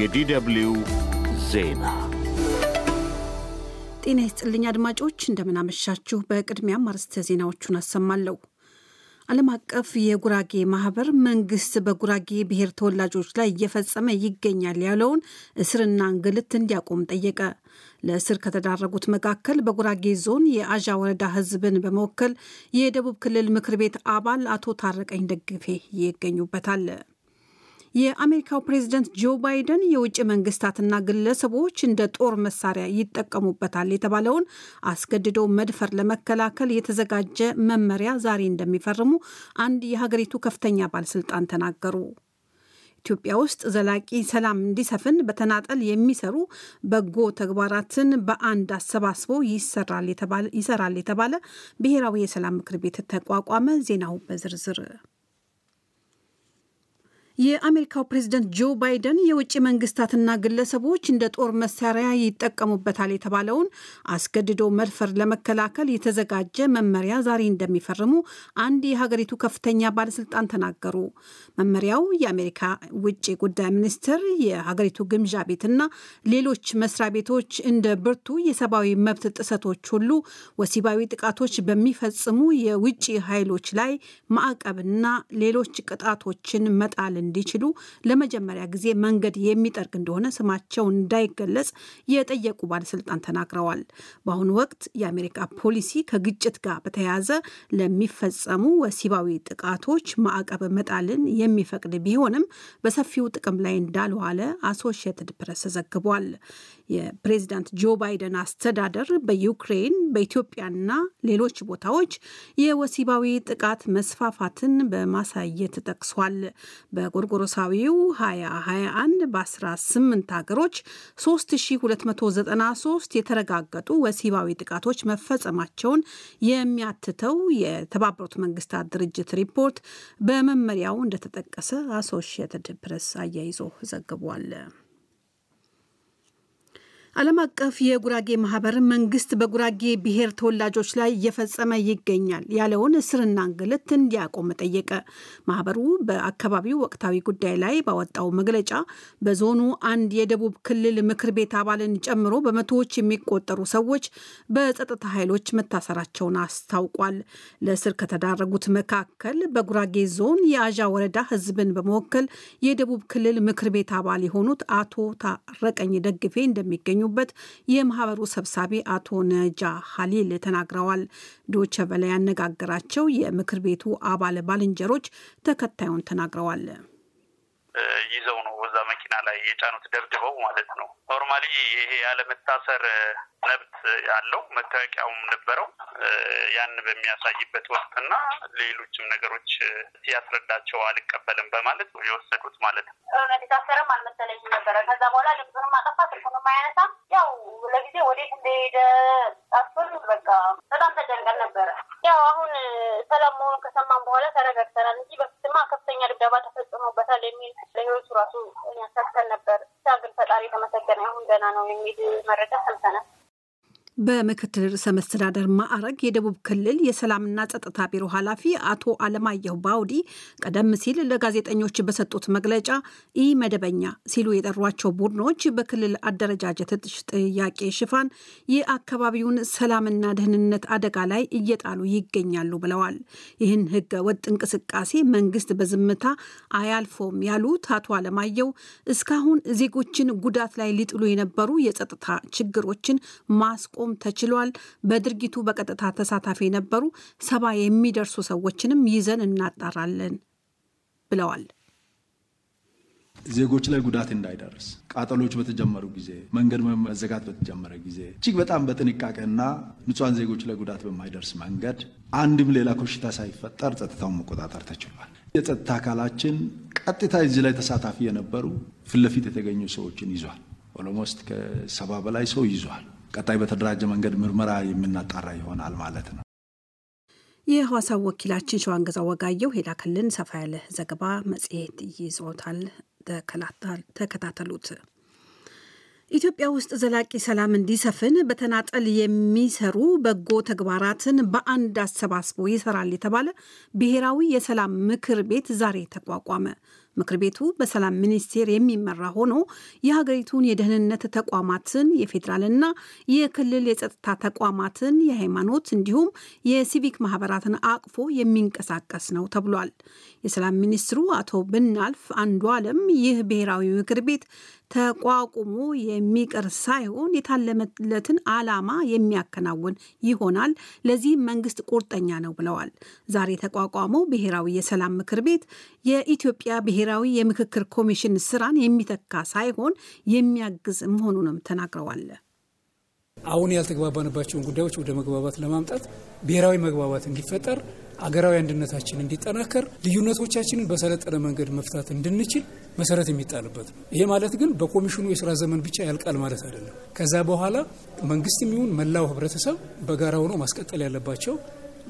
የዲደብልዩ ዜና ጤና ይስጥልኝ አድማጮች፣ እንደምናመሻችሁ። በቅድሚያ አርዕስተ ዜናዎቹን አሰማለሁ። ዓለም አቀፍ የጉራጌ ማህበር መንግስት በጉራጌ ብሔር ተወላጆች ላይ እየፈጸመ ይገኛል ያለውን እስርና እንግልት እንዲያቆም ጠየቀ። ለእስር ከተዳረጉት መካከል በጉራጌ ዞን የአዣ ወረዳ ህዝብን በመወከል የደቡብ ክልል ምክር ቤት አባል አቶ ታረቀኝ ደግፌ ይገኙበታል። የአሜሪካው ፕሬዝደንት ጆ ባይደን የውጭ መንግስታትና ግለሰቦች እንደ ጦር መሳሪያ ይጠቀሙበታል የተባለውን አስገድዶ መድፈር ለመከላከል የተዘጋጀ መመሪያ ዛሬ እንደሚፈርሙ አንድ የሀገሪቱ ከፍተኛ ባለስልጣን ተናገሩ። ኢትዮጵያ ውስጥ ዘላቂ ሰላም እንዲሰፍን በተናጠል የሚሰሩ በጎ ተግባራትን በአንድ አሰባስቦ ይሰራል የተባለ ብሔራዊ የሰላም ምክር ቤት ተቋቋመ። ዜናው በዝርዝር የአሜሪካው ፕሬዝደንት ጆ ባይደን የውጭ መንግስታትና ግለሰቦች እንደ ጦር መሳሪያ ይጠቀሙበታል የተባለውን አስገድዶ መድፈር ለመከላከል የተዘጋጀ መመሪያ ዛሬ እንደሚፈርሙ አንድ የሀገሪቱ ከፍተኛ ባለስልጣን ተናገሩ። መመሪያው የአሜሪካ ውጭ ጉዳይ ሚኒስትር፣ የሀገሪቱ ግምዣ ቤትና ሌሎች መስሪያ ቤቶች እንደ ብርቱ የሰብአዊ መብት ጥሰቶች ሁሉ ወሲባዊ ጥቃቶች በሚፈጽሙ የውጭ ኃይሎች ላይ ማዕቀብና ሌሎች ቅጣቶችን መጣልን እንዲችሉ ለመጀመሪያ ጊዜ መንገድ የሚጠርግ እንደሆነ ስማቸው እንዳይገለጽ የጠየቁ ባለስልጣን ተናግረዋል። በአሁኑ ወቅት የአሜሪካ ፖሊሲ ከግጭት ጋር በተያያዘ ለሚፈጸሙ ወሲባዊ ጥቃቶች ማዕቀብ መጣልን የሚፈቅድ ቢሆንም በሰፊው ጥቅም ላይ እንዳልዋለ አሶሺየትድ ፕሬስ ዘግቧል። የፕሬዚዳንት ጆ ባይደን አስተዳደር በዩክሬን በኢትዮጵያና ሌሎች ቦታዎች የወሲባዊ ጥቃት መስፋፋትን በማሳየት ጠቅሷል። በጎርጎሮሳዊው 2021 በ18 ሀገሮች 3293 የተረጋገጡ ወሲባዊ ጥቃቶች መፈጸማቸውን የሚያትተው የተባበሩት መንግስታት ድርጅት ሪፖርት በመመሪያው እንደተጠቀሰ አሶሺየትድ ፕሬስ አያይዞ ዘግቧል። ዓለም አቀፍ የጉራጌ ማህበር መንግስት በጉራጌ ብሔር ተወላጆች ላይ እየፈጸመ ይገኛል ያለውን እስርና እንግልት እንዲያቆም ጠየቀ። ማህበሩ በአካባቢው ወቅታዊ ጉዳይ ላይ ባወጣው መግለጫ በዞኑ አንድ የደቡብ ክልል ምክር ቤት አባልን ጨምሮ በመቶዎች የሚቆጠሩ ሰዎች በጸጥታ ኃይሎች መታሰራቸውን አስታውቋል። ለእስር ከተዳረጉት መካከል በጉራጌ ዞን የአዣ ወረዳ ህዝብን በመወከል የደቡብ ክልል ምክር ቤት አባል የሆኑት አቶ ታረቀኝ ደግፌ እንደሚገኙ እንደሚገኙበት የማህበሩ ሰብሳቢ አቶ ነጃ ሀሊል ተናግረዋል። ዶቸ ቨለ ያነጋገራቸው የምክር ቤቱ አባል ባልንጀሮች ተከታዩን ተናግረዋል። ይዘው ነው መኪና ላይ የጫኑት ደብድበው ማለት ነው። ኖርማሊ ይሄ ያለመታሰር መብት አለው መታወቂያውም ነበረው። ያን በሚያሳይበት ወቅትና ሌሎችም ነገሮች ሲያስረዳቸው አልቀበልም በማለት የወሰዱት ማለት ነው። የታሰረም አልመሰለኝም ነበረ። ከዛ በኋላ ድምፁንም አጠፋ፣ ስልኩንም አያነሳም። ያው ለጊዜ ወዴት እንደሄደ ጠፍን። በቃ በጣም ተጨንቀን ነበረ። ያው አሁን ሰላም መሆኑን ከሰማን በኋላ ተረጋግተናል እንጂ ድብደባ ተፈጽሞበታል የሚል ለህይወቱ ራሱ ያሳተል ነበር። ግን ፈጣሪ የተመሰገነ ይሁን ገና ነው የሚል መረጃ ሰምተናል። በምክትል ርዕሰ መስተዳደር ማዕረግ የደቡብ ክልል የሰላምና ጸጥታ ቢሮ ኃላፊ አቶ አለማየሁ ባውዲ ቀደም ሲል ለጋዜጠኞች በሰጡት መግለጫ ኢ መደበኛ ሲሉ የጠሯቸው ቡድኖች በክልል አደረጃጀት ጥያቄ ሽፋን የአካባቢውን ሰላምና ደህንነት አደጋ ላይ እየጣሉ ይገኛሉ ብለዋል። ይህን ህገ ወጥ እንቅስቃሴ መንግስት በዝምታ አያልፎም ያሉት አቶ አለማየሁ እስካሁን ዜጎችን ጉዳት ላይ ሊጥሉ የነበሩ የጸጥታ ችግሮችን ማስቆ ማቆም ተችሏል። በድርጊቱ በቀጥታ ተሳታፊ የነበሩ ሰባ የሚደርሱ ሰዎችንም ይዘን እናጣራለን ብለዋል። ዜጎች ላይ ጉዳት እንዳይደርስ ቃጠሎች በተጀመሩ ጊዜ መንገድ መዘጋት በተጀመረ ጊዜ እጅግ በጣም በጥንቃቄና ንጹሐን ዜጎች ላይ ጉዳት በማይደርስ መንገድ አንድም ሌላ ኮሽታ ሳይፈጠር ጸጥታውን መቆጣጠር ተችሏል። የጸጥታ አካላችን ቀጥታ እዚህ ላይ ተሳታፊ የነበሩ ፊት ለፊት የተገኙ ሰዎችን ይዟል። ኦሎሞስት ከሰባ በላይ ሰው ይዟል። ቀጣይ በተደራጀ መንገድ ምርመራ የምናጣራ ይሆናል ማለት ነው። የሐዋሳው ወኪላችን ሸዋንገዛው ወጋየው ሄላክልን ሰፋ ያለ ዘገባ መጽሔት ይዞታል። ተከታተሉት። ኢትዮጵያ ውስጥ ዘላቂ ሰላም እንዲሰፍን በተናጠል የሚሰሩ በጎ ተግባራትን በአንድ አሰባስቦ ይሰራል የተባለ ብሔራዊ የሰላም ምክር ቤት ዛሬ ተቋቋመ። ምክር ቤቱ በሰላም ሚኒስቴር የሚመራ ሆኖ የሀገሪቱን የደህንነት ተቋማትን፣ የፌዴራልና የክልል የጸጥታ ተቋማትን፣ የሃይማኖት እንዲሁም የሲቪክ ማህበራትን አቅፎ የሚንቀሳቀስ ነው ተብሏል። የሰላም ሚኒስትሩ አቶ ብናልፍ አንዱ አለም ይህ ብሔራዊ ምክር ቤት ተቋቁሞ የሚቀር ሳይሆን የታለመለትን ዓላማ የሚያከናውን ይሆናል። ለዚህም መንግስት ቁርጠኛ ነው ብለዋል። ዛሬ የተቋቋመው ብሔራዊ የሰላም ምክር ቤት የኢትዮጵያ ብሔ ብሔራዊ የምክክር ኮሚሽን ስራን የሚተካ ሳይሆን የሚያግዝ መሆኑንም ተናግረዋል። አሁን ያልተግባባንባቸውን ጉዳዮች ወደ መግባባት ለማምጣት ብሔራዊ መግባባት እንዲፈጠር፣ አገራዊ አንድነታችን እንዲጠናከር፣ ልዩነቶቻችንን በሰለጠነ መንገድ መፍታት እንድንችል መሰረት የሚጣልበት ነው። ይሄ ማለት ግን በኮሚሽኑ የስራ ዘመን ብቻ ያልቃል ማለት አይደለም። ከዛ በኋላ መንግስትም ይሁን መላው ህብረተሰብ በጋራ ሆኖ ማስቀጠል ያለባቸው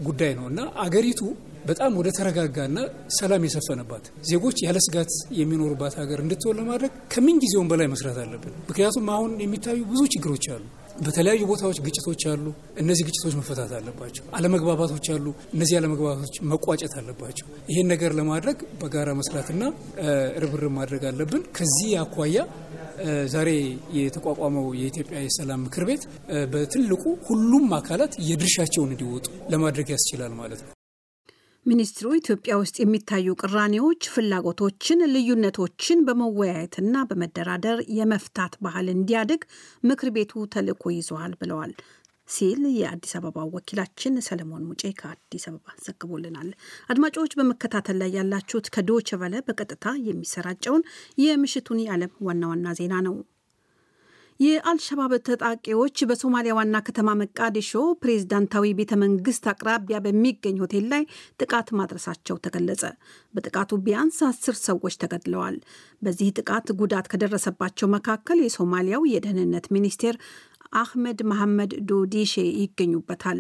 ጉዳይ ነው እና አገሪቱ በጣም ወደ ተረጋጋና ሰላም የሰፈነባት ዜጎች ያለ ስጋት የሚኖሩባት ሀገር እንድትሆን ለማድረግ ከምን ጊዜውም በላይ መስራት አለብን። ምክንያቱም አሁን የሚታዩ ብዙ ችግሮች አሉ። በተለያዩ ቦታዎች ግጭቶች አሉ። እነዚህ ግጭቶች መፈታት አለባቸው። አለመግባባቶች አሉ። እነዚህ አለመግባባቶች መቋጨት አለባቸው። ይህን ነገር ለማድረግ በጋራ መስራትና ርብርብ ማድረግ አለብን። ከዚህ አኳያ ዛሬ የተቋቋመው የኢትዮጵያ የሰላም ምክር ቤት በትልቁ ሁሉም አካላት የድርሻቸውን እንዲወጡ ለማድረግ ያስችላል ማለት ነው። ሚኒስትሩ ኢትዮጵያ ውስጥ የሚታዩ ቅራኔዎች፣ ፍላጎቶችን፣ ልዩነቶችን በመወያየትና በመደራደር የመፍታት ባህል እንዲያድግ ምክር ቤቱ ተልዕኮ ይዘዋል ብለዋል ሲል የአዲስ አበባ ወኪላችን ሰለሞን ሙጬ ከአዲስ አበባ ዘግቦልናል። አድማጮች በመከታተል ላይ ያላችሁት ከዶቸ ቨለ በቀጥታ የሚሰራጨውን የምሽቱን የዓለም ዋና ዋና ዜና ነው። የአልሸባብ ተጣቂዎች በሶማሊያ ዋና ከተማ መቃዲሾ ፕሬዝዳንታዊ ቤተ መንግስት አቅራቢያ በሚገኝ ሆቴል ላይ ጥቃት ማድረሳቸው ተገለጸ። በጥቃቱ ቢያንስ አስር ሰዎች ተገድለዋል። በዚህ ጥቃት ጉዳት ከደረሰባቸው መካከል የሶማሊያው የደህንነት ሚኒስቴር አህመድ መሐመድ ዶዲሼ ይገኙበታል።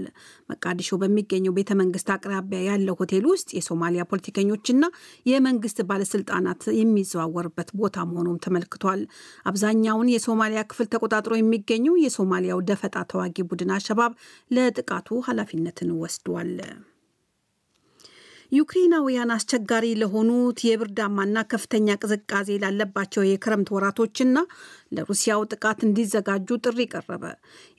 መቃዲሾ በሚገኘው ቤተ መንግስት አቅራቢያ ያለው ሆቴል ውስጥ የሶማሊያ ፖለቲከኞችና የመንግስት ባለስልጣናት የሚዘዋወርበት ቦታ መሆኑም ተመልክቷል። አብዛኛውን የሶማሊያ ክፍል ተቆጣጥሮ የሚገኘው የሶማሊያው ደፈጣ ተዋጊ ቡድን አሸባብ ለጥቃቱ ኃላፊነትን ወስዷል። ዩክሬናውያን አስቸጋሪ ለሆኑት የብርዳማና ከፍተኛ ቅዝቃዜ ላለባቸው የክረምት ወራቶችና ለሩሲያው ጥቃት እንዲዘጋጁ ጥሪ ቀረበ።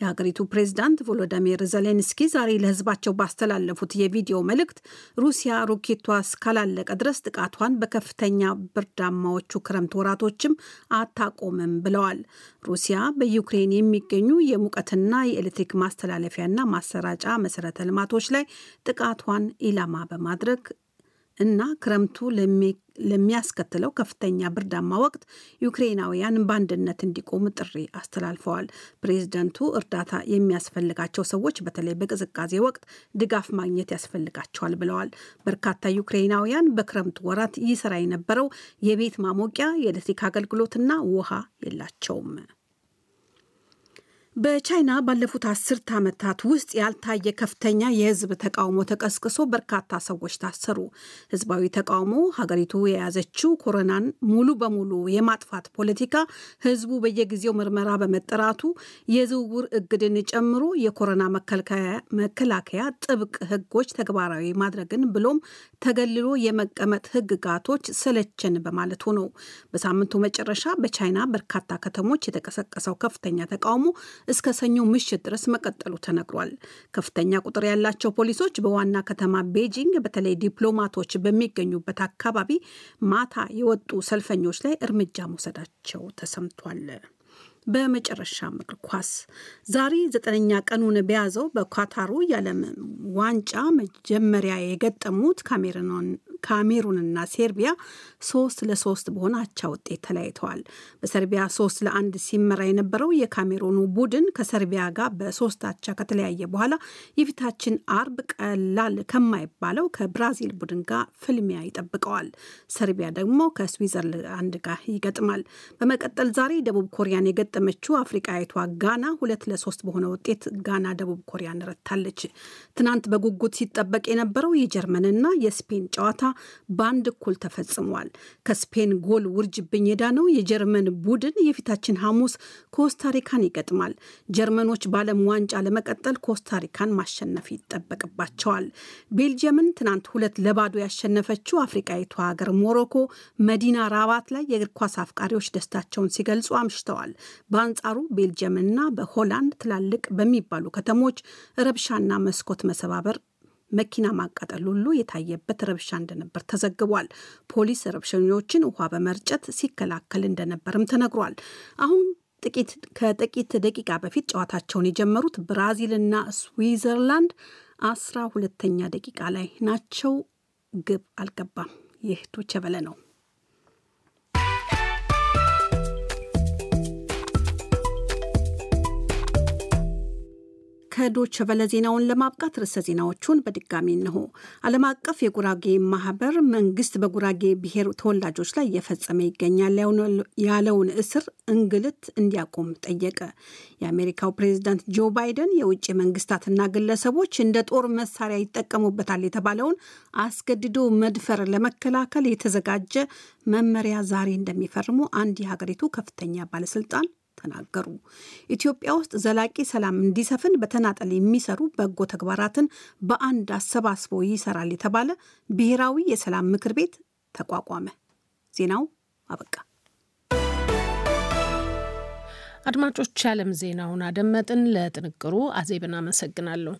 የሀገሪቱ ፕሬዝዳንት ቮሎዲሚር ዘሌንስኪ ዛሬ ለሕዝባቸው ባስተላለፉት የቪዲዮ መልእክት ሩሲያ ሮኬቷ እስካላለቀ ድረስ ጥቃቷን በከፍተኛ ብርዳማዎቹ ክረምት ወራቶችም አታቆምም ብለዋል። ሩሲያ በዩክሬን የሚገኙ የሙቀትና የኤሌክትሪክ ማስተላለፊያና ማሰራጫ መሰረተ ልማቶች ላይ ጥቃቷን ኢላማ በማድረግ እና ክረምቱ ለሚያስከትለው ከፍተኛ ብርዳማ ወቅት ዩክሬናውያን በአንድነት እንዲቆሙ ጥሪ አስተላልፈዋል። ፕሬዚደንቱ እርዳታ የሚያስፈልጋቸው ሰዎች በተለይ በቅዝቃዜ ወቅት ድጋፍ ማግኘት ያስፈልጋቸዋል ብለዋል። በርካታ ዩክሬናውያን በክረምቱ ወራት ይሰራ የነበረው የቤት ማሞቂያ፣ የኤሌክትሪክ አገልግሎትና ውሃ የላቸውም። በቻይና ባለፉት አስርት ዓመታት ውስጥ ያልታየ ከፍተኛ የህዝብ ተቃውሞ ተቀስቅሶ በርካታ ሰዎች ታሰሩ። ህዝባዊ ተቃውሞ ሀገሪቱ የያዘችው ኮሮናን ሙሉ በሙሉ የማጥፋት ፖለቲካ ህዝቡ በየጊዜው ምርመራ በመጠራቱ የዝውውር እግድን ጨምሮ የኮሮና መከላከያ ጥብቅ ህጎች ተግባራዊ ማድረግን ብሎም ተገልሎ የመቀመጥ ህግጋቶች ሰለቸን በማለቱ ነው። በሳምንቱ መጨረሻ በቻይና በርካታ ከተሞች የተቀሰቀሰው ከፍተኛ ተቃውሞ እስከ ሰኞ ምሽት ድረስ መቀጠሉ ተነግሯል። ከፍተኛ ቁጥር ያላቸው ፖሊሶች በዋና ከተማ ቤጂንግ በተለይ ዲፕሎማቶች በሚገኙበት አካባቢ ማታ የወጡ ሰልፈኞች ላይ እርምጃ መውሰዳቸው ተሰምቷል። በመጨረሻ እግር ኳስ ዛሬ ዘጠነኛ ቀኑን በያዘው በኳታሩ የዓለም ዋንጫ መጀመሪያ የገጠሙት ካሜሩንን ካሜሩንና ሴርቢያ ሶስት ለሶስት በሆነ አቻ ውጤት ተለያይተዋል። በሰርቢያ ሶስት ለአንድ ሲመራ የነበረው የካሜሩኑ ቡድን ከሰርቢያ ጋር በሶስት አቻ ከተለያየ በኋላ የፊታችን አርብ ቀላል ከማይባለው ከብራዚል ቡድን ጋር ፍልሚያ ይጠብቀዋል። ሰርቢያ ደግሞ ከስዊዘርላንድ ጋር ይገጥማል። በመቀጠል ዛሬ ደቡብ ኮሪያን የገጠመችው አፍሪቃዊቷ ጋና ሁለት ለሶስት በሆነ ውጤት ጋና ደቡብ ኮሪያን ረታለች። ትናንት በጉጉት ሲጠበቅ የነበረው የጀርመንና የስፔን ጨዋታ በአንድ እኩል ተፈጽሟል። ከስፔን ጎል ውርጅብኝ የዳነው የጀርመን ቡድን የፊታችን ሐሙስ ኮስታሪካን ይገጥማል። ጀርመኖች በዓለም ዋንጫ ለመቀጠል ኮስታሪካን ማሸነፍ ይጠበቅባቸዋል። ቤልጅየምን ትናንት ሁለት ለባዶ ያሸነፈችው አፍሪቃዊቷ ሀገር ሞሮኮ መዲና ራባት ላይ የእግር ኳስ አፍቃሪዎች ደስታቸውን ሲገልጹ አምሽተዋል። በአንጻሩ ቤልጅየምና በሆላንድ ትላልቅ በሚባሉ ከተሞች ረብሻና መስኮት መሰባበር መኪና ማቃጠል ሁሉ የታየበት ረብሻ እንደነበር ተዘግቧል። ፖሊስ ረብሸኞችን ውሃ በመርጨት ሲከላከል እንደነበርም ተነግሯል። አሁን ጥቂት ከጥቂት ደቂቃ በፊት ጨዋታቸውን የጀመሩት ብራዚልና ስዊዘርላንድ አስራ ሁለተኛ ደቂቃ ላይ ናቸው። ግብ አልገባም። ይህ ዶቼ ቬለ ነው። ከዶች በለ ዜናውን ለማብቃት ርዕሰ ዜናዎቹን በድጋሚ እንሆ። ዓለም አቀፍ የጉራጌ ማህበር መንግስት በጉራጌ ብሔር ተወላጆች ላይ እየፈጸመ ይገኛል ያለውን እስር፣ እንግልት እንዲያቆም ጠየቀ። የአሜሪካው ፕሬዚዳንት ጆ ባይደን የውጭ መንግስታትና ግለሰቦች እንደ ጦር መሳሪያ ይጠቀሙበታል የተባለውን አስገድዶ መድፈር ለመከላከል የተዘጋጀ መመሪያ ዛሬ እንደሚፈርሙ አንድ የሀገሪቱ ከፍተኛ ባለስልጣን ተናገሩ። ኢትዮጵያ ውስጥ ዘላቂ ሰላም እንዲሰፍን በተናጠል የሚሰሩ በጎ ተግባራትን በአንድ አሰባስቦ ይሰራል የተባለ ብሔራዊ የሰላም ምክር ቤት ተቋቋመ። ዜናው አበቃ። አድማጮች፣ የዓለም ዜናውን አደመጥን። ለጥንቅሩ አዜብን አመሰግናለሁ።